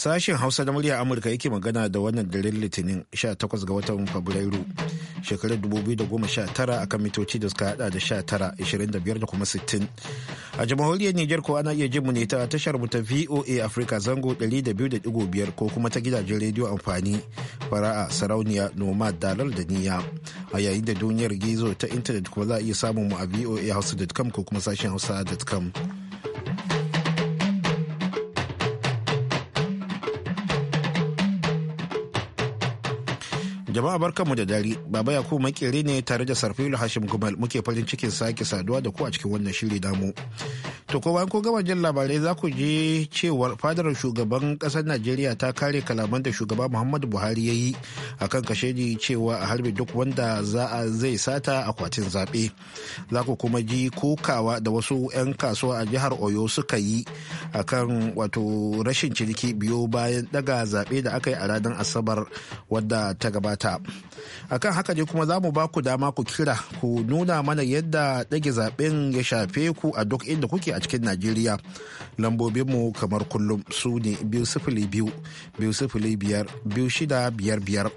Sashen Hausa da murya Amurka yake magana da wannan daren Litinin 18 ga watan Fabrairu shekarar 2019 akan mitoci da suka hada da 19, 25 da kuma 60. A jamhuriyar Nijar ko ana iya jin mu ne ta tashar mu ta VOA Africa zango 200.5 ko kuma ta gidajen rediyo amfani fara'a sarauniya nomad dalar da niya. A yayin da duniyar gizo ta intanet kuma za a iya samun mu a voahausa.com ko kuma sashen hausa.com. Jama'a mu da dare, Baba Yakubu makere ne tare da Sarfilu Hashim Gumal muke farin cikin sake saduwa da ku a cikin wannan shiri damu. To ko bayan ko gama jin labarai za ku je cewa fadar shugaban kasar Najeriya ta kare kalaman da shugaba Muhammadu Buhari ya yi a kan kashe ni cewa a harbe duk wanda za a zai sata akwatin zaɓe. Za ku kuma ji kokawa da wasu 'yan kasuwa a jihar Oyo suka yi a kan wato rashin ciniki biyo bayan daga zaɓe da aka yi a ranar Asabar wadda ta gabata. a akan haka ne kuma za mu ba ku dama ku kira ku nuna mana yadda ɗage zaɓen ya shafe ku a duk inda kuke a cikin najeriya lambobinmu kamar kullum su ne biyu sifili biyu biyu sifili biyar biyu shida biyar biyar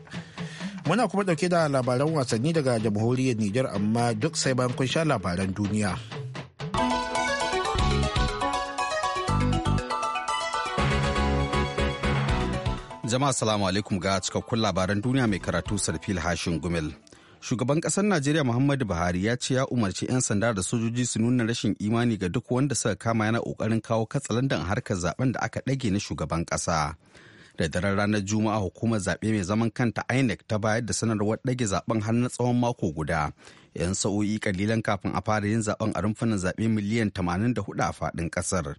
muna kuma ɗauke da labaran wasanni daga jamhuriyar niger amma duk sai bayan kun sha labaran duniya. Jama'a salamu alaikum ga cikakkun labaran duniya mai karatu Sarfil Hashin Gumel. Shugaban kasar Najeriya Muhammadu Buhari ya ce ya umarci 'yan sanda da sojoji su nuna rashin imani ga duk wanda suka kama yana kokarin kawo katsalandan harkar zaben da aka dage na shugaban kasa Da daren ranar Juma'a hukumar zaɓe mai zaman kanta INEC ta bayar da sanarwar dage zaben har na tsawon mako guda. 'Yan sa'o'i kalilan kafin a fara yin zaben a rumfunan zaɓe miliyan 84 a faɗin ƙasar.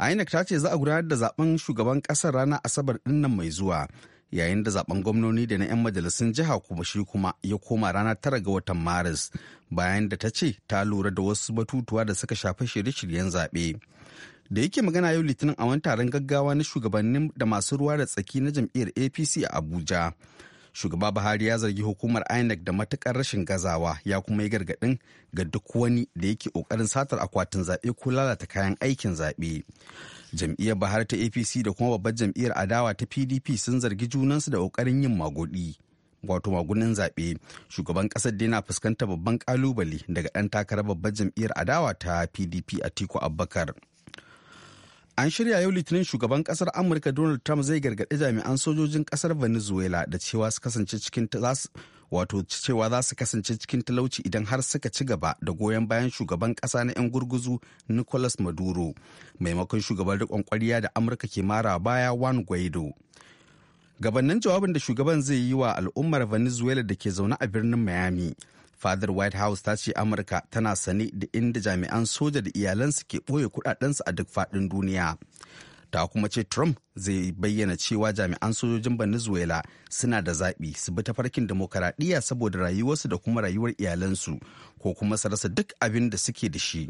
INEC ta ce za a gudanar da zaben shugaban kasar rana Asabar dinnan mai zuwa yayin da zaben gwamnoni da na 'yan majalisun jiha kuma shi kuma ya koma rana tara ga watan Maris bayan da ta ce ta lura da wasu batutuwa da suka shafi shirye-shiryen zaɓe. Da yake magana yau litinin a wani taron gaggawa na shugabannin da masu ruwa da tsaki na jam'iyyar APC a Abuja. shugaba buhari ya zargi hukumar inec da matukar rashin gazawa ya kuma yi gargadin ga duk wani da yake ƙoƙarin satar akwatin zaɓe ko lalata kayan aikin zaɓe jam'iyyar buhari ta apc da kuma babbar jam'iyyar adawa ta pdp sun zargi junansu da ƙoƙarin yin magodi wato magunin zaɓe shugaban ƙasar da yana fuskantar babban ƙalubale daga ɗan takarar babbar jam'iyyar adawa ta pdp atiku abubakar An shirya yau litinin shugaban kasar Amurka Donald Trump zai gargaɗi jami'an sojojin kasar Venezuela da cewa su kasance cikin wato cewa za su kasance cikin talauci idan har suka ci gaba da goyon bayan shugaban ƙasa na 'yan gurguzu Nicolas Maduro maimakon shugaban riƙon kwariya da Amurka ke mara baya Juan Guaido. Gabannin jawabin da shugaban zai yi wa al'ummar Venezuela da ke zaune a birnin Miami fadar white house ta ce amurka tana sane da inda jami'an soja da iyalansu ke ɓoye kudadensu a duk faɗin duniya ta kuma ce trump zai bayyana cewa jami'an sojojin venezuela suna da zaɓi su bi tafarkin demokaradiyya saboda rayuwarsu da kuma rayuwar iyalansu ko kuma su rasa duk abin da suke da shi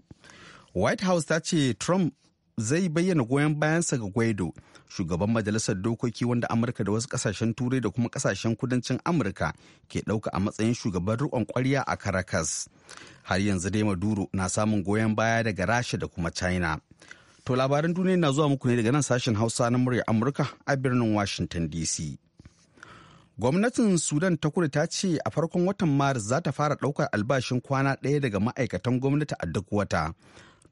white house ta ce trump zai bayyana goyon bayansa ga guaido shugaban majalisar dokoki wanda amurka da wasu kasashen turai da kuma kasashen kudancin amurka ke ɗauka a matsayin shugaban rikon kwarya a caracas har yanzu dai maduro na samun goyon baya daga rasha da kuma china to labaran duniya na zuwa muku ne daga nan sashen hausa na murya amurka a birnin washington dc gwamnatin sudan ta kudu ta ce a farkon watan maris za ta fara ɗaukar albashin kwana ɗaya daga ma'aikatan gwamnati a duk wata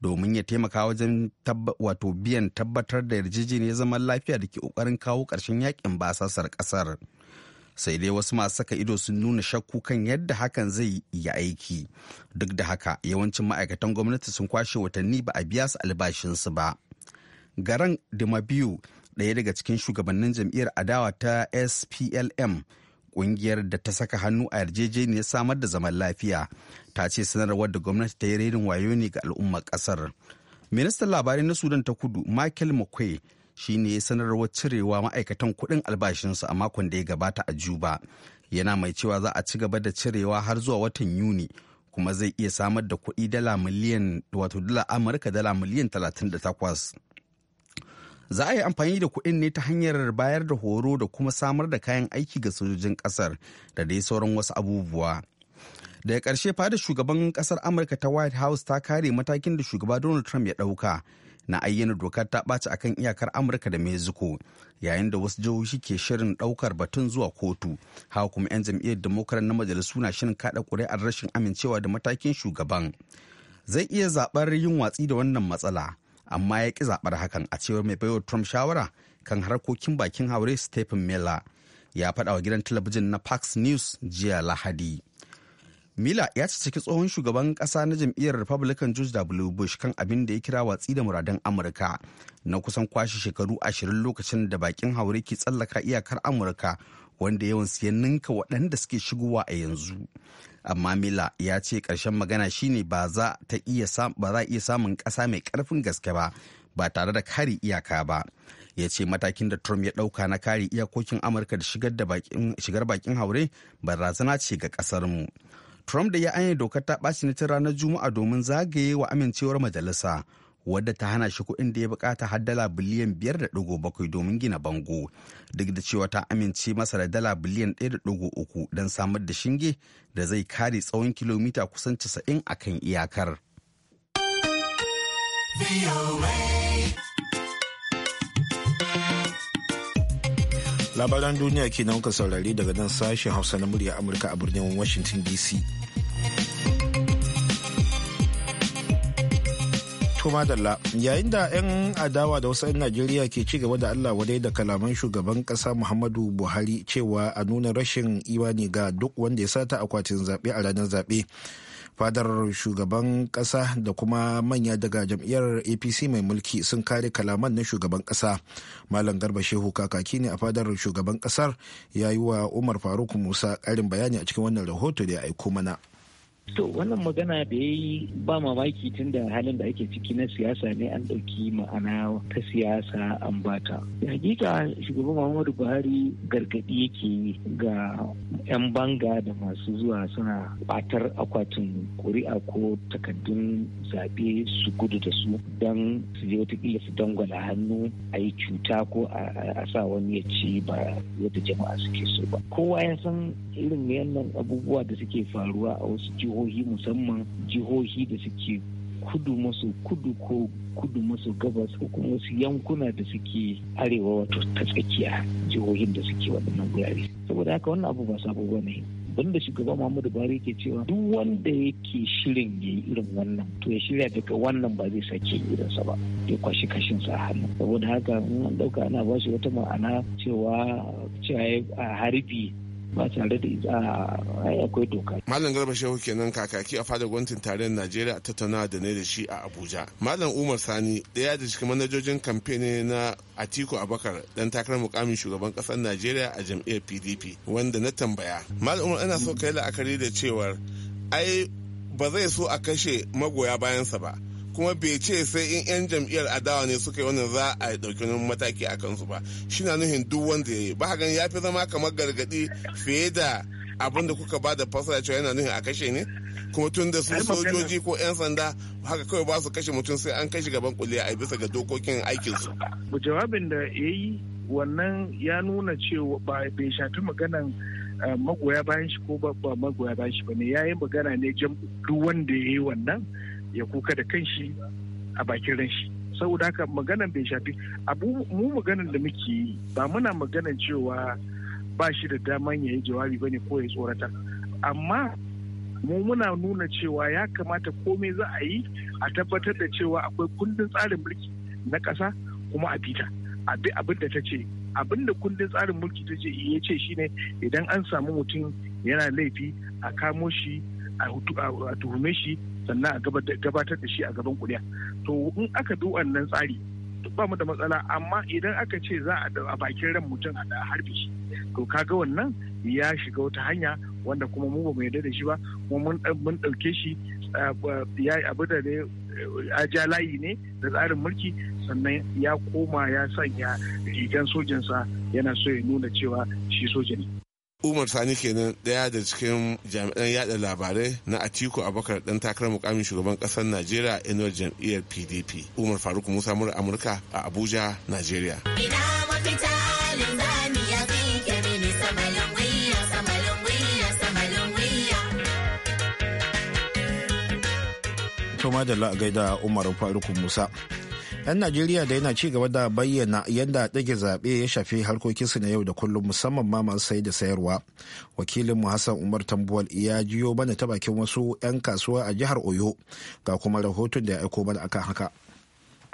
domin ya taimaka wajen wato biyan tabbatar da yarjejeniyar zaman lafiya da ke kokarin kawo ƙarshen yakin basasar ƙasar sai dai wasu masu saka ido sun nuna shakku kan yadda hakan zai yi aiki duk da haka yawancin ma'aikatan gwamnati sun kwashe watanni ba a biya su albashinsu ba garan dimabiyu ɗaya daga cikin shugabannin jam'iyyar adawa ta splm kungiyar da ta saka hannu a yarjejeniyar samar da zaman lafiya ta ce sanarwar da gwamnati ta yi renin wayo ne ga al'ummar kasar ministan labarai na sudan ta kudu michael mcquay shi ne ya sanarwar cirewa ma'aikatan kuɗin albashinsu a makon da ya gabata a juba yana mai cewa za a ci gaba da cirewa har zuwa watan yuni kuma zai iya samar da kuɗi dala miliyan wato dala amurka dala miliyan 38 za a yi amfani da kuɗin ne ta hanyar bayar da horo da kuma samar da kayan aiki ga sojojin ƙasar da dai sauran wasu abubuwa daga ƙarshe fadar shugaban ƙasar amurka ta white house ta kare matakin da shugaba donald trump ya ɗauka na ayyana dokar ta ɓaci akan iyakar amurka da mexico yayin da wasu jihohi ke shirin ɗaukar batun zuwa kotu haka kuma 'yan jam'iyyar democrat na majalisu na shirin kaɗa ƙuri'ar rashin amincewa da matakin shugaban zai iya zaɓar yin watsi da wannan matsala amma ya ƙi zaɓar hakan a cewar mai baiwa Trump shawara kan harkokin bakin haure Stephen Miller ya faɗa wa gidan talabijin na Fox News jiya Lahadi. Miller ya ciki tsohon shugaban ƙasa na jam'iyyar Republican George W. Bush kan abin da ya kira watsi da muradan Amurka na kusan kwashe shekaru ashirin lokacin da bakin haure ke tsallaka iyakar Amurka wanda yawan siyan ninka waɗanda suke shigowa a yanzu. amma mila ya ce ƙarshen magana shine ba za a iya samun ƙasa mai ƙarfin gaske ba ba tare da kari iyaka ba ya ce matakin da trump ya ɗauka na kare iyakokin amurka da shigar bakin haure barazana ce ga ƙasarmu trump da ya anya dokar ta ɓaci na ranar juma'a domin zagaye wa amincewar majalisa wadda ta hana shi kuɗin da ya bukata har dala biliyan 5.7 domin gina bango duk da cewa ta amince masa da dala biliyan 1.3 don samar da shinge da zai kare tsawon kilomita kusan 90 a kan iyakar. Labaran duniya kenan ka saurari daga nan sashen Hausa na murya Amurka a birnin Washington DC. kuma madalla yayin da 'yan adawa da wasu 'yan Najeriya ke ci gaba da Allah wadai da kalaman shugaban kasa Muhammadu Buhari cewa a nuna rashin imani ga duk wanda ya sata akwatin zaɓe a ranar zaɓe. Fadar shugaban kasa da kuma manya daga jam'iyyar APC mai mulki sun kare kalaman na shugaban kasa. Malam Garba Shehu kakaki ne a fadar shugaban kasar ya yi wa Umar Faruk Musa karin bayani a cikin wannan rahoto da ya aiko mana. To wannan magana da ya yi ba mamaki tun da halin da ake ciki na siyasa ne an ɗauki ma'ana ta siyasa an bata. Hakika shugaban Muhammadu Buhari gargaɗi yake ga 'yan banga da masu zuwa suna ɓatar akwatin ƙuri'a ko takardun zaɓe su gudu da su don su je watakila su dangwala hannu a yi cuta ko a sa wani ya ci ba yadda jama'a suke so ba. Kowa ya san irin abubuwa da suke faruwa a wasu jihohi musamman jihohi da suke kudu maso kudu ko kudu maso gabas ko kuma wasu yankuna da suke arewa wato ta tsakiya jihohin da suke waɗannan gurare saboda haka wannan abu ba sabo ba ne da shugaba Muhammadu Buhari ke cewa duk wanda yake shirin ya yi irin wannan to ya shirya daga wannan ba zai sake irinsa ba ya kwashi kashin sa hannu saboda haka an ɗauka ana ba shi wata ma'ana cewa cewa a harbi ba tare da a eh, akwai doka. Malam Garba Shehu kenan kakaki a fadar gwamnatin tarayyar Najeriya a tattauna da ne da shi a Abuja. Malam Umar Sani ɗaya da cikin manajojin kamfani na Atiku Abakar dan takarar mukamin shugaban ƙasar Najeriya a jam'iyyar PDP wanda na tambaya. Malam Umar ana so kai la'akari da cewar ai ba zai so a kashe magoya bayansa ba. kuma bai ce sai in 'yan jam'iyyar adawa ne suka yi wannan za a ɗauki wani mataki a kansu ba shi na nuhin duk wanda ya yi ba hagan ya fi zama kamar gargaɗi fiye da abin da kuka ba da fasara cewa yana nuhin a kashe ne kuma tun da su sojoji ko 'yan sanda haka kawai ba su kashe mutum sai an kashe gaban kuliya a bisa ga dokokin aikin aikinsu. jawabin da ya yi wannan ya nuna cewa ba bai shafi maganan eh, magoya bayan shi ko ba magoya bayan shi ba ne ya yi magana ne duk wanda ya yi wannan ya kuka da kanshi a bakin ranshi saboda haka maganan bai shafi abu mu maganan da muke yi ba muna maganan cewa ba shi da daman ya yi jawabi bane ko ya tsorata? amma mu muna nuna cewa ya kamata komai za a yi a tabbatar da cewa akwai kundin tsarin mulki na ƙasa kuma a bita abin da ta ce abin da kundin tsarin mulki ta ce ya ce shine idan an samu mutum yana laifi a kamo shi a tuhume shi sannan a gabatar da shi a gaban kuliya to in aka bi wannan tsari ba mu da matsala amma idan aka ce za a a bakin ran mutum a harbe shi to kaga wannan ya shiga wata hanya wanda kuma mu ba mu yarda da shi ba kuma mun ɗauke shi eh, ya abu da a ja layi ne da tsarin mulki sannan ya koma ya sanya rigan sojansa yana so ya nuna cewa shi soja ne Umar Sani kenan daya da cikin jami'an yada labarai na Atiku Abubakar dan takarar mukamin shugaban kasar Najeriya inuwar jam'iyyar PDP. Umar Faruk Musa mura Amurka a Abuja, Najeriya. Toma da da Umar Faruk Musa. 'yan najeriya da yana ci gaba da bayyana yadda ɗage zaɓe ya shafi harkokinsu na yau da kullum musamman ma masu sai da sayarwa wakilin mu hassan umar tambuwal ya jiyo bana ta bakin wasu 'yan kasuwa a jihar oyo ga kuma rahoton da ya aiko mana akan haka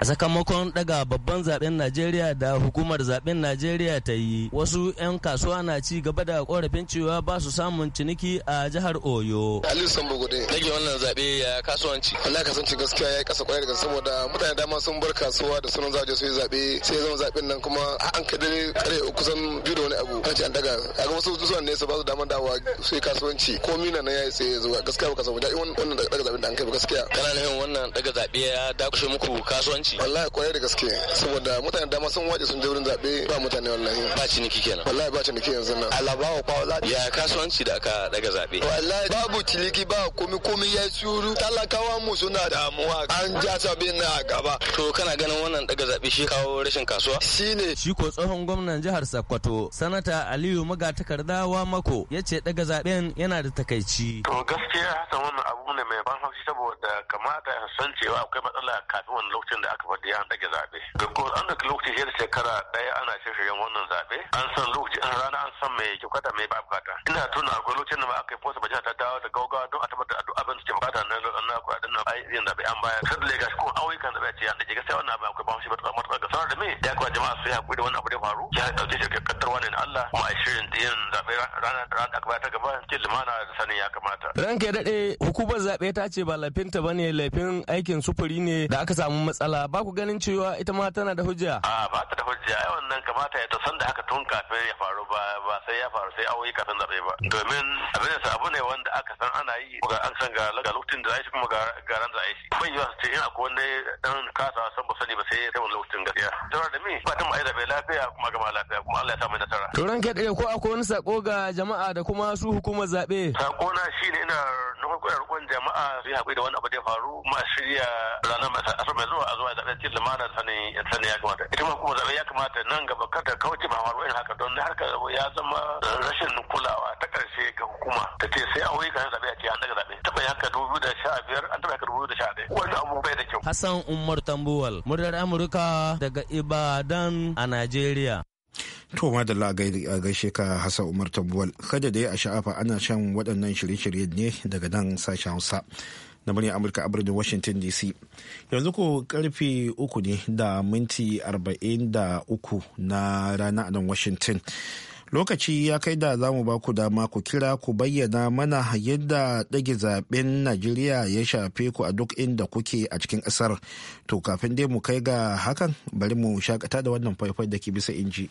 sakamakon daga babban zaben najeriya da hukumar zaben najeriya ta yi wasu 'yan kasuwa na ci gaba da korafin cewa ba su samun ciniki a jihar oyo aliyu sambogude rage wannan zabe ya kasuwanci wallahi kasance gaskiya ya yi kasa kwarai daga saboda mutane dama sun bar kasuwa da sunan zaje su yi zabe sai zama zaben nan kuma an ne kare kusan biyu da wani abu kan ce an daga a ga wasu zuwa ne su ba su daman dawa su yi kasuwanci ko komi na ya yi sai zuwa gaskiya ba ka samu wannan daga zaben da an kai gaskiya kana nufin wannan daga zabe ya dakushe muku kasuwanci lokaci wallahi kwarai da gaske saboda mutane dama sun waje sun je wurin zabe ba mutane wallahi ba ciniki kenan wallahi ba ciniki yanzu nan alabawa kwa za ya kasuwanci da aka daga zabe wallahi babu ciniki ba komi komi ya tsuru talakawa mu suna damuwa an ja sabe na gaba to kana ganin wannan daga zabe shi kawo rashin kasuwa shine shi ko tsohon gwamnan jihar Sokoto sanata Aliyu Magatakarda wa mako yace daga zaben yana da takaici to gaskiya hasan wannan abu ne mai ban haushi saboda kamata san cewa akwai matsala kafin wannan lokacin da aka faɗi an ɗage zaɓe. ko an da lokaci shi shekara ɗaya ana shirye wannan zaɓe. An san lokaci an rana an san mai ke kwata mai ba bukata. Ina tuna ko lokacin da ma aka yi fosa bajina ta dawo da gaugawa don a tabbatar da abin da ke bukata na na kuɗaɗen na yin zaɓe an baya. Kar da lega shi ko auyukan zaɓe ce an ɗage gaskiya wannan abin akwai ba shi ba matuƙar ga sanar da me ya kuwa jama'a su yi haƙuri da wannan abu da faru. Ya ɗauke shi kakkatar ne na Allah kuma a shirin yin zaɓe rana da aka ta gaba cikin limana da sanin ya kamata. Ranka ya daɗe hukumar zaɓe ta ce ba laifinta ba ne laifin aikin sufuri ne da aka samu matsala ba ku ganin cewa ita ma tana da hujja a ba ta da hujja ai wannan kamata ya san da haka tun kafin ya faru ba ba sai ya faru sai awoyi kafin zabe ba domin abin da abu ne wanda aka san ana yi ga an san ga lokacin da shi kuma ga ran da shi ban yi ce in akwai wanda dan kasa san ba sani ba sai ya wannan lokacin gaskiya Jawar da mi ba ta ma'aida bai lafiya kuma gama lafiya kuma Allah ya sa mai nasara Turan ke ɗaya ko akwai wani sako ga jama'a da kuma su hukumar zabe sako na shine ina na farko jama'a su yi haƙuri da wani abu da ya faru kuma shirya ranar asar mai zuwa a zuwa zaɓen cikin lumana da sani ya kamata ita kuma zaɓe ya kamata nan gaba kada kauce ma faruwa haka don harka ya zama rashin kulawa ta ƙarshe ga hukuma ta ce sai an wuri kan zaɓe a ce an daga zaɓe Ta taɓa haka dubu da sha biyar an taɓa haka dubu da sha ɗaya wani abu bai da kyau. Hassan Umar Tambuwal, muryar Amurka daga Ibadan a Najeriya. To madalla a gaishe ka Hassan Umar Tambuwal, kada da ya a sha'afa ana shan waɗannan shirye-shirye ne daga nan sashen Hausa. na murya amurka a birnin washington dc yanzu ko karfe uku ne da minti 43 na rana a nan washington lokaci ya kai da za mu ba ku dama ku kira ku bayyana mana yadda ɗage zaben najeriya ya shafe ku a duk inda kuke a cikin ƙasar to kafin dai mu kai ga hakan bari mu shakata da wannan faifai da ke bisa inji.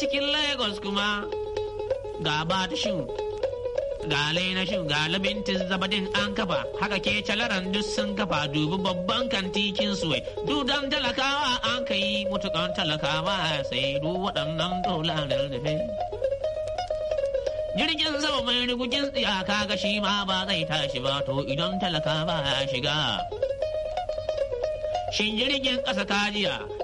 cikin Lagos kuma ga Batshin, ga Lainashin, ga Labintin Zabadin an kafa, haka ke calaran duk sun kafa dubi babban kantikin suwai, dudan talakawa an ka yi mutukan talakawa sai du waɗannan dolarar da Jirgin sama mai rigugin tsiyaka ga shi ma ba zai tashi ba to idan talaka ba ya shiga. Shin jirgin ƙasa kajiya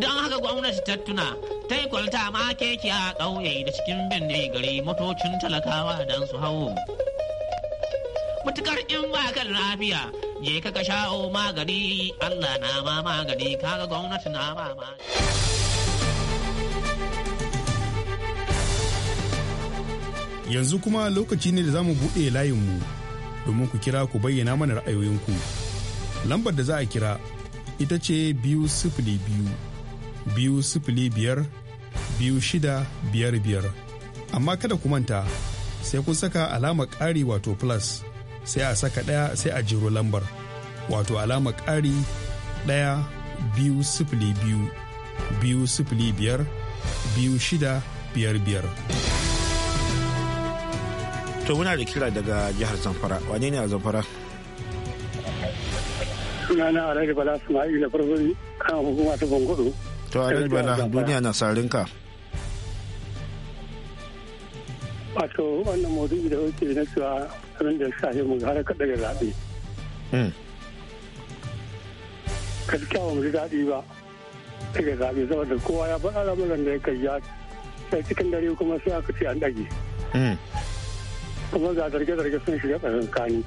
don haka gwamnati ta tuna ta yi kwalta ma keke a ƙauye da cikin binne gari motocin talakawa don su hau mutukar in ba kan lafiya je ka ka sha'o magani allah na ma magani kaga gwamnati na ma yanzu kuma lokaci ne da za mu buɗe layinmu domin ku kira ku bayyana mana ra'ayoyinku lambar da za a kira ita ce biyu sifili biyu biyu sifili biyar biyu shida biyar biyar amma kada ku manta sai kun saka alama ƙari wato plus sai a saka ɗaya sai a jiro lambar wato alama ƙari ɗaya biyu sifili biyu biyu sifili biyar biyu shida biyar biyar. To muna da kira daga jihar Zamfara. Wane ne a Zamfara? na Alhaji Bala suna da farfari kan hukuma ta Bangudu. to alhaji bala duniya na sarin ka wato wannan maudu'i da wuce na cewa abin da shafi mu har ka daga zaɓe hmm. ka ba kyawun ji daɗi ba daga zaɓe saboda kowa ya faɗa lamuran da ya kai ya sai cikin dare kuma sai aka ce an ɗage hmm. kuma ga zarge-zarge sun shiga tsarin kani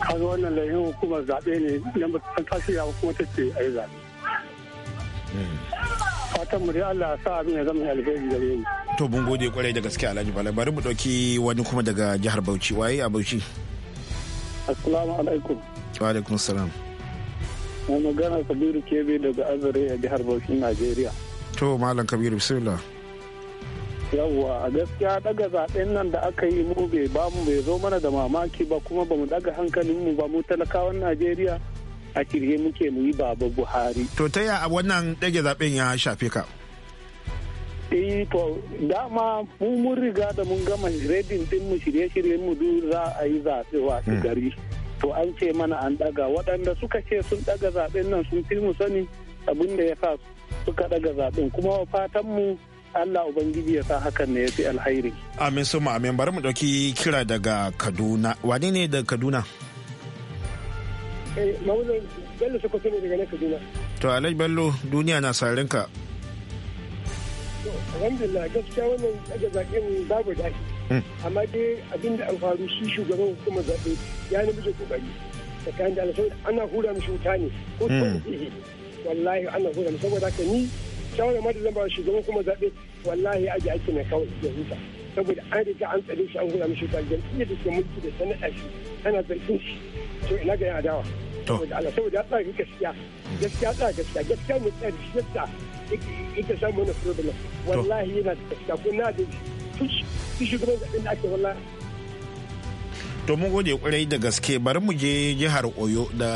kaga wannan layin hukumar zaɓe ne na mutum ta shirya kuma ta ce a yi zaɓe fatan mu dai Allah sa abin ya zama alheri gare mu to mun gode kwarai da gaske Alhaji Bala bari mu dauki wani kuma daga jihar Bauchi waye a Bauchi Assalamu alaikum wa alaikum salam mun magana Kabiru Kebe daga Azare a jihar Bauchi Najeriya to malam Kabiru bismillah yawwa a gaskiya daga zaben nan da aka yi mu bai bamu bai zo mana da mamaki ba kuma bamu daga hankalin mu ba mu talakawan Najeriya a kirge muke mu yi baba buhari to ta ya wannan ɗage zaben ya shafe ka eh to dama mu mun riga da mun gama redin din mu shirye-shiryen mu du za a yi zaɓe wasu hmm. gari to an ce mana an ɗaga waɗanda suka ce sun ɗaga zaɓen nan sun fi mu sani abin da ya sa suka ɗaga zaɓen kuma fatan mu Allah Ubangiji ya sa hakan ne ya fi alhairi. Amin suma amin bari mu ɗauki kira daga Kaduna. Wane ne daga Kaduna? Maulan Bello Sokoto ne daga nan Kaduna. To Alhaji Bello duniya na sarin ka. Alhamdulillah gaskiya wannan daga zaɓen babu daɗi. Hmm. Amma dai abin da an faru shi shugaban hukumar zaɓe ya namiji kokari. Tsakanin da alfawar ana hura mishi wuta ne ko kuma hmm. wallahi ana hura mishi saboda haka ni shawara ma da zan ba shugaban kuma zaɓe wallahi aji ake na kawai ya huta. Saboda an riga an tsare shi an hura mishi wuta jam'iyyar da ke mulki da sana'a shi ana zargin shi to ina ga yan adawa saboda Allah saboda ya tsaya gaskiya gaskiya tsaya gaskiya gaskiya mu tsaya gaskiya ita samu wani problem wallahi yana da gaskiya ko na da shi shugaban zaɓen da ake wallahi to mun gode kwarai da gaske bari mu je jihar oyo da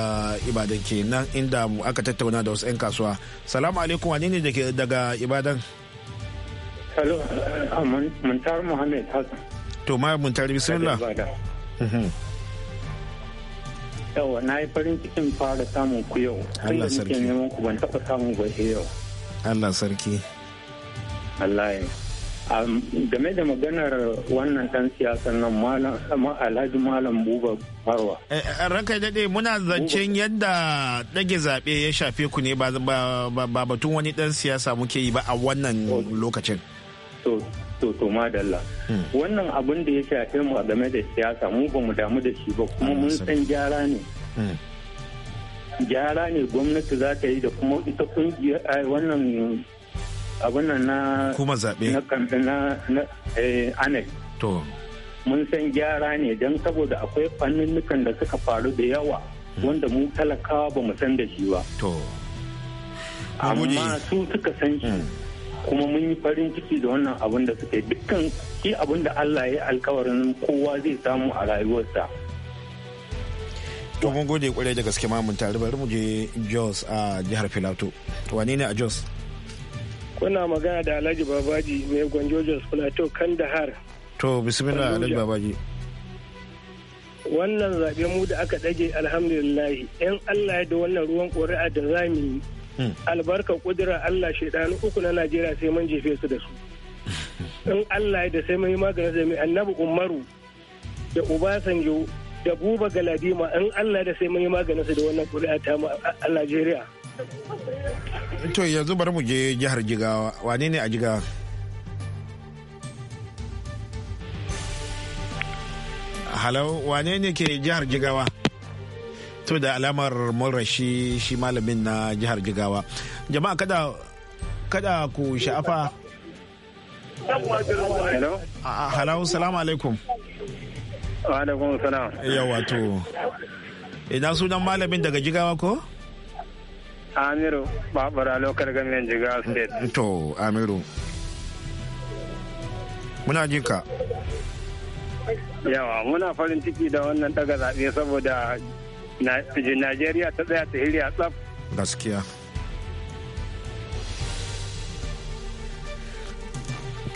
ibadan kenan inda aka tattauna da wasu 'yan kasuwa salamu alaikum wani ne daga ibadan hello uh, muntar muhammad hassan to ma muntar bismillah yawa na yi farin cikin fara samun ku yau Allah sarki sai neman ku ban taɓa samun ba yau Allah sarki Allah game da maganar wannan dan siyasan nan malam alhaji malam buba farwa eh, eh, eh, ranka daɗe muna zancen yadda ɗage zaɓe ya shafe ku ne ba batun wani dan siyasa muke yi ba a wannan lokacin to to madalla hmm. wannan abin da ya shafe mu game da siyasa mu ba mu damu da shi ba kuma mun san gyara ne hmm. gyara ne gwamnati za ta yi da kuma ita kungiyar wannan abin nan na kuma zaɓe na na eh, anec to mun san gyara ne don saboda akwai nukan da suka faru da yawa hmm. wanda mu talakawa ba mu san da shi ba to amma su suka san shi kuma mun yi farin ciki da wannan abin da suka yi dukkan shi abin da Allah ya alkawarin kowa zai samu a rayuwarsa. To mun gode kwarai da gaske ma mun tare bari mu je Jos a jihar Filato. To wane ne a Jos? Kuna magana da Alhaji Babaji mai gwanjo Jos Filato Kandahar. To bismillah Alhaji Babaji. Wannan zaɓe mu da aka ɗage alhamdulillah 'Yan Allah da wannan ruwan ƙuri'a da za mu yi Hmm. albarka kudura Allah shaidanu uku na Najeriya sai mun jefe su da su in Allah ya da sai mun yi maganin zai mai annabi Umaru da Obasanjo da Buba Galadima in Allah da sai mun yi maganin su da wannan kuri'a ta mu a Najeriya to yanzu bari mu je jihar Jigawa wane ne a Jigawa Halau wane ne ke jihar Jigawa to da alamar murashi shi malamin na jihar jigawa jama'a kada kada ku sha'afa halau salamu alaikum wa alaikum salam yawa wato ina sunan malamin daga jigawa ko Amiru Babura lokar gamin Jigawa State. To, Amiru. Muna ji ka. Yawa, muna farin ciki da wannan daga zaɓe saboda Najeriya ta tsaya ta hiriya tsaf. Gaskiya.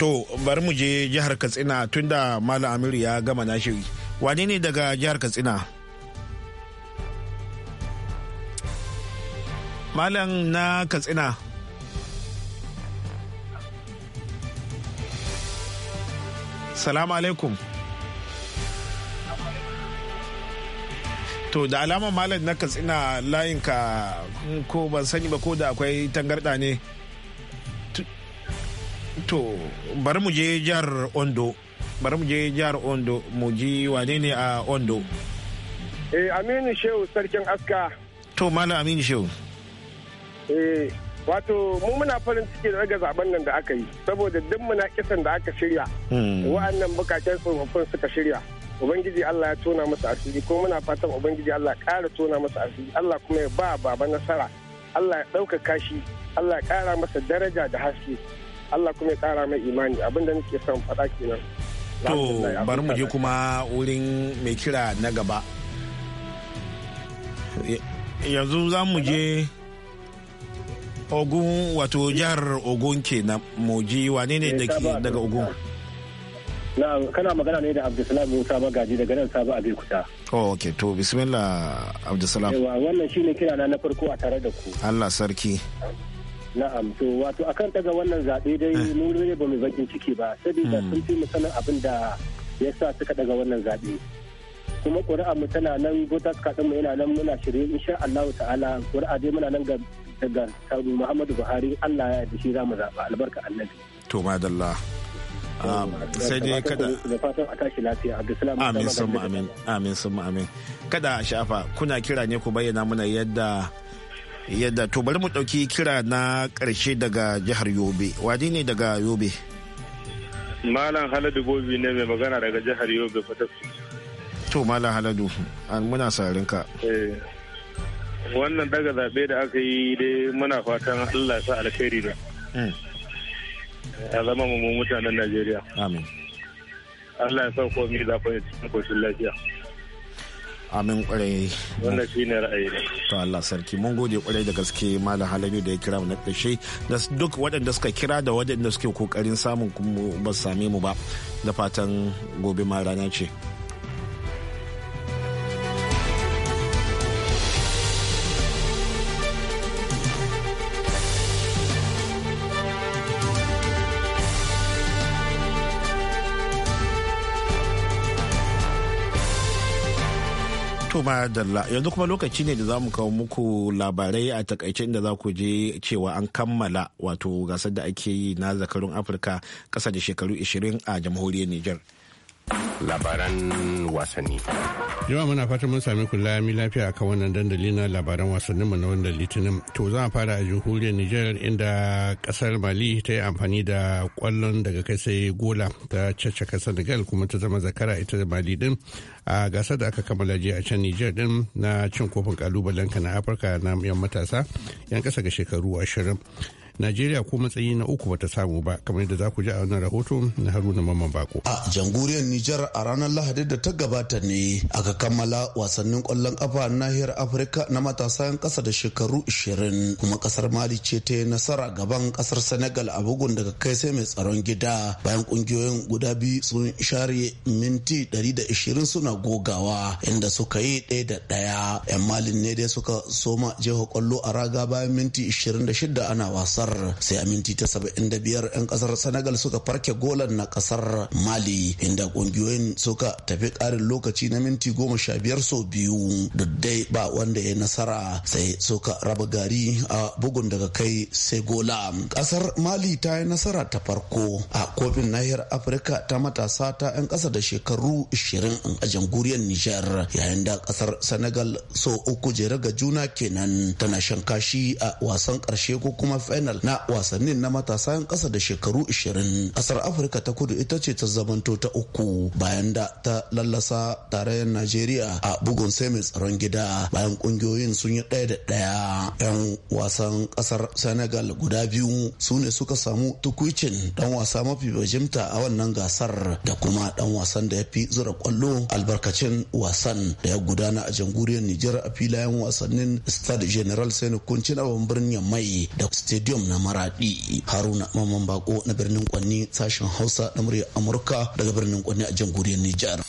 To bari mu je jihar Katsina tunda Malam Amiru ya gama nashi. Wane ne daga jihar Katsina? Malam na Katsina. Salamu alaikum. to da alama malam na katsina layin ka hmm, ko ban sani ba ko da akwai tangarda ne to bari mu je jihar ondo bari mu je jihar ondo mu ji wane ne a ondo eh aminu shehu sarkin aska to malam aminu shehu eh wato mu muna farin ciki da daga zaben nan da aka yi saboda duk muna kisan da aka shirya hmm. wa'annan bukatun tsofaffin suka shirya ubangiji Allah ya tona masa asiri ko muna fatan ubangiji Allah ƙara tona masa asiri Allah kuma ya ba baba nasara Allah ya ɗaukaka shi Allah ya ƙara masa daraja da haske Allah kuma ya ƙara mai imani abinda nake son faɗa kenan to bari mu je kuma wurin mai kira na gaba yanzu za mu je ogun wato jihar ogun kenan mu ji wane ne eh, daga ogun na kana magana ne da abdulsalam musa magaji daga nan Sabu abin kuta oh, ok to bismillah abdulsalam yawa wannan ne kira na farko a tare da ku allah sarki na'am to wato akan daga wannan zaɓe dai eh. mu ne ba mu bakin ciki ba saboda hmm. sun fi mu sanin abin da ya sa suka daga wannan zaɓe kuma ƙuri'a mu tana nan voter card mu yana nan muna shirye insha Allah ta'ala ƙuri'a dai muna nan ga daga Muhammadu Buhari Allah ya da shi za mu zaɓa albarka annabi to madalla sai dai kada da fatan a tashi lafiya abdulsalam amin sun amin amin sun amin kada a shafa kuna kira ne ku bayyana muna yadda yadda to bari mu dauki kira na karshe daga jihar yobe wadi ne daga yobe malam haladu gobi ne mai magana daga jihar yobe fatafi to malam haladu muna sarin ka eh, wannan daga zaɓe da aka yi dai muna fatan allah sa alkhairi da hmm. ya zama mu mutanen Najeriya. Amin. Allah ya sa komai za ku cikin koshin lafiya. Amin kwarai. Wannan shi ne ra'ayi. To Allah sarki mun gode kwarai da gaske Malam Halami da ya kira mu na ƙarshe da duk waɗanda suka kira da waɗanda suke kokarin samun kuma ba same mu ba da fatan gobe ma rana ce. To la yanzu kuma lokaci ne da za mu kawo muku labarai a takaice inda za ku je cewa an kammala wato gasar da ake yi na zakarun Afirka kasa da shekaru 20 a jamhuriyar niger. labaran wasanni. Yawa muna fata mun sami kula mi lafiya akan wannan dandali na labaran wasanninmu mu na wannan litinin. To za a fara a jamhuriyar Nijar inda kasar Mali ta yi amfani da kwallon daga kai sai gola ta ka Senegal kuma ta zama zakara ita da Mali din a gasar da aka kammala jiya a can Nijar din na cin kofin kalubalen na Afirka na yan matasa yan kasa ga shekaru ashirin. najeriya ko matsayi na uku bata samu ba kamar yadda za ku ji a wannan rahoto na haruna mamman bako a jamhuriyar nijar a ranar lahadi da ta gabata ne aka kammala wasannin kwallon kafa nahiyar afirka na matasan kasa da shekaru 20 kuma kasar mali ce ta yi nasara gaban kasar senegal a bugun daga kai sai mai tsaron gida bayan kungiyoyin guda biyu sun share minti 120 suna gogawa inda suka yi ɗaya da ɗaya yan malin ne dai suka soma jeho kwallo a raga bayan minti 26 ana wasa kasar sai a minti ta biyar 'yan kasar senegal suka farke golan na kasar mali inda kungiyoyin suka tafi karin lokaci na minti goma sha biyar sau biyu dai ba wanda ya nasara sai suka raba gari a bugun daga kai sai gola kasar mali ta yi nasara ta farko a kofin nahiyar afirka ta matasa ta 'yan kasa da shekaru 20 a jamhuriyar nijar yayin da kasar senegal sau uku jere ga juna kenan tana shan kashi a wasan karshe ko kuma final final na wasannin na matasa ƙasa da shekaru 20 ƙasar afirka ta kudu ita ce ta zamanto ta uku bayan da ta lallasa tarayyar najeriya a bugun sai mai tsaron gida bayan ƙungiyoyin sun yi ɗaya da ɗaya 'yan wasan ƙasar senegal guda biyu su ne suka samu tukucin dan wasa mafi bajimta a wannan gasar da kuma dan wasan da ya fi zura kwallo albarkacin wasan da ya gudana a jamhuriyar nijar a filayen wasannin stade general sani kuncin a birnin mai da stadium na maraɗi Haruna Maman Bako na birnin Kwanni sashen Hausa na murya Amurka daga birnin Kwanni a jamhuriyar Nijar.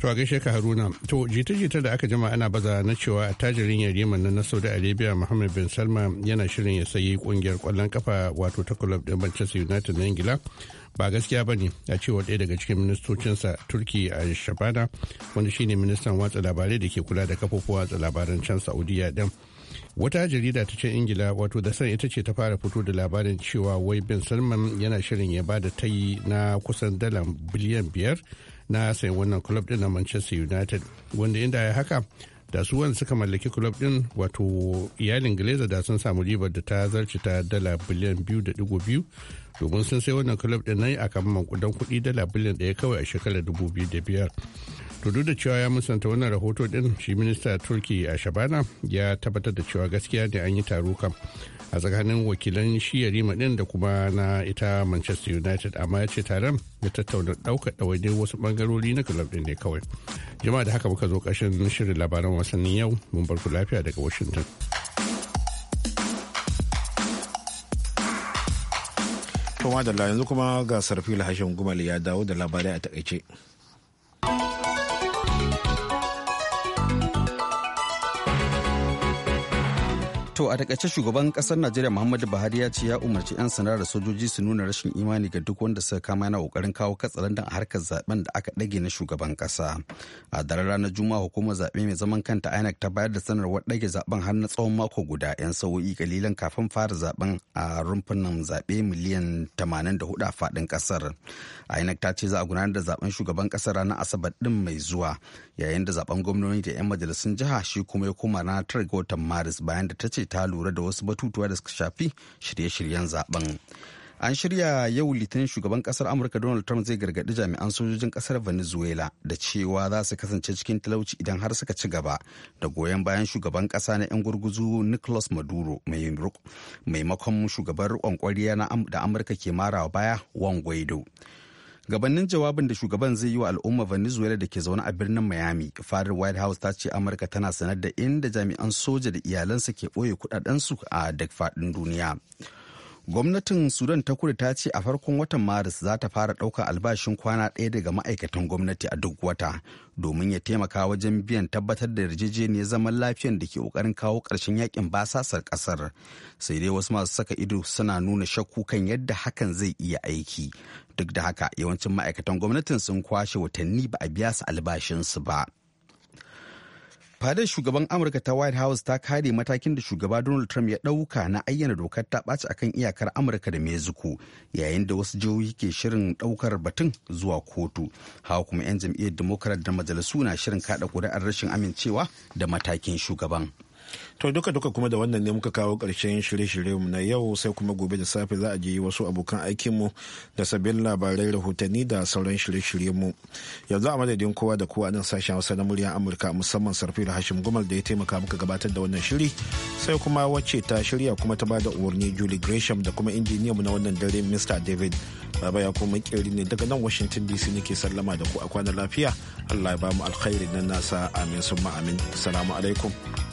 To a gaishe ka Haruna, to jita-jita da aka jama ana baza na cewa tajirin yariman na Saudi Arabia Muhammad bin Salma yana shirin ya sayi kungiyar kwallon kafa wato ta club din Manchester United na Ingila ba gaskiya ba ne a cewa ɗaya daga cikin ministocinsa turki a shabana wanda shine ministan watsa labarai da ke kula da kafofin watsa labaran can saudiya din wata jarida ta ce ingila wato da san ita ce ta fara fito da labarin cewa wai bin salman yana shirin ya ba da tayi na kusan dala biliyan biyar na sayan wannan club din na manchester united wanda inda ya haka da su wanda suka mallaki club din wato iyalin glazer da sun samu ribar da ta zarce ta dala biliyan biyu da digo biyu domin sun sai wannan club din nan a kan makudan kuɗi dala biliyan ɗaya kawai a shekarar dubu biyar to duk da cewa ya musanta wannan rahoto din shi minista turki a shabana ya tabbatar da cewa gaskiya ne an yi taro kan a tsakanin wakilan shi yarima din da kuma na ita manchester united amma ya ce taron ya tattauna ɗauka ɗawainiyar wasu bangarori na club din ne kawai jama'a da haka muka zo kashin shirin labaran wasannin yau mun bar ku lafiya daga washington kuma da yanzu kuma gasar fili harshen gumal ya dawo da labarai a takaice. To a takaice shugaban kasar Najeriya Muhammadu Buhari ya ce ya umarci 'yan sanda da sojoji su nuna rashin imani ga duk wanda suka kama yana kokarin kawo katsalandan a harkar zaben da aka dage na shugaban kasa. A daren ranar Juma'a hukumar zaɓe mai zaman kanta INEC ta bayar da sanarwar dage zaben har na tsawon mako guda 'yan sa'o'i kalilan kafin fara zaben a rumfunan zaɓe miliyan 84 a faɗin kasar. INEC ta ce za a gudanar da zaben shugaban kasar ranar Asabar din mai zuwa yayin da zaben gwamnoni da 'yan majalisun jiha shi kuma ya koma na tar ga watan maris bayan da ta ce ta lura da wasu batutuwa da suka shafi shirye-shiryen zaben an shirya yau litinin shugaban kasar amurka donald trump zai gargadi jami'an sojojin kasar venezuela da cewa za su kasance cikin talauci idan har suka ci gaba da goyon bayan shugaban kasa na 'yan gurguzu nicholas maduro maimakon shugaban riƙon kwariya da amurka ke marawa baya wan guaido gabanin jawabin da shugaban zai yi wa al'umma venezuela da ke zaune a birnin miami fadar white house ta ce amurka tana sanar da inda jami'an soja da iyalansa ke ɓoye su a duk faɗin duniya gwamnatin sudan ta kudu ta ce a farkon watan maris za ta fara ɗaukar albashin kwana ɗaya daga ma'aikatan gwamnati a duk wata domin ya taimaka wajen biyan tabbatar da yarjejeniyar zaman lafiyar da ke ƙoƙarin kawo ƙarshen yakin basasar ƙasar sai dai wasu masu saka ido suna nuna shakku kan yadda hakan zai iya aiki duk da haka yawancin ma'aikatan gwamnatin sun kwashe watanni ba a biya su albashinsu ba. fadar shugaban amurka ta white house ta kare matakin da shugaba donald trump ya ɗauka na ayyana dokar ta ɓaci akan iyakar amurka da mexico yayin da wasu jihohi ke shirin ɗaukar batun zuwa kotu hawa kuma 'yan jam'iyyar democrat da majalisu na shirin kaɗa ƙuri'ar rashin amincewa da matakin shugaban To duka duka kuma da wannan ne muka kawo ƙarshen shirye mu na yau sai kuma gobe da safe za a je wasu abokan aikinmu da sabbin labarai rahotanni da sauran shirye-shiryenmu. Yanzu a madadin kowa da kowa nan sashen Hausa na muryar Amurka musamman sarfira Hashim Gumal da ya taimaka muka gabatar da wannan shiri sai kuma wacce ta shirya kuma ta bada umarni Julie Gresham da kuma mu na wannan dare Mr. David. Baba ya kuma kirri ne daga nan Washington DC nake sallama da ku a kwanan lafiya. Allah ya ba mu alkhairi nan nasa amin summa amin. Assalamu alaikum.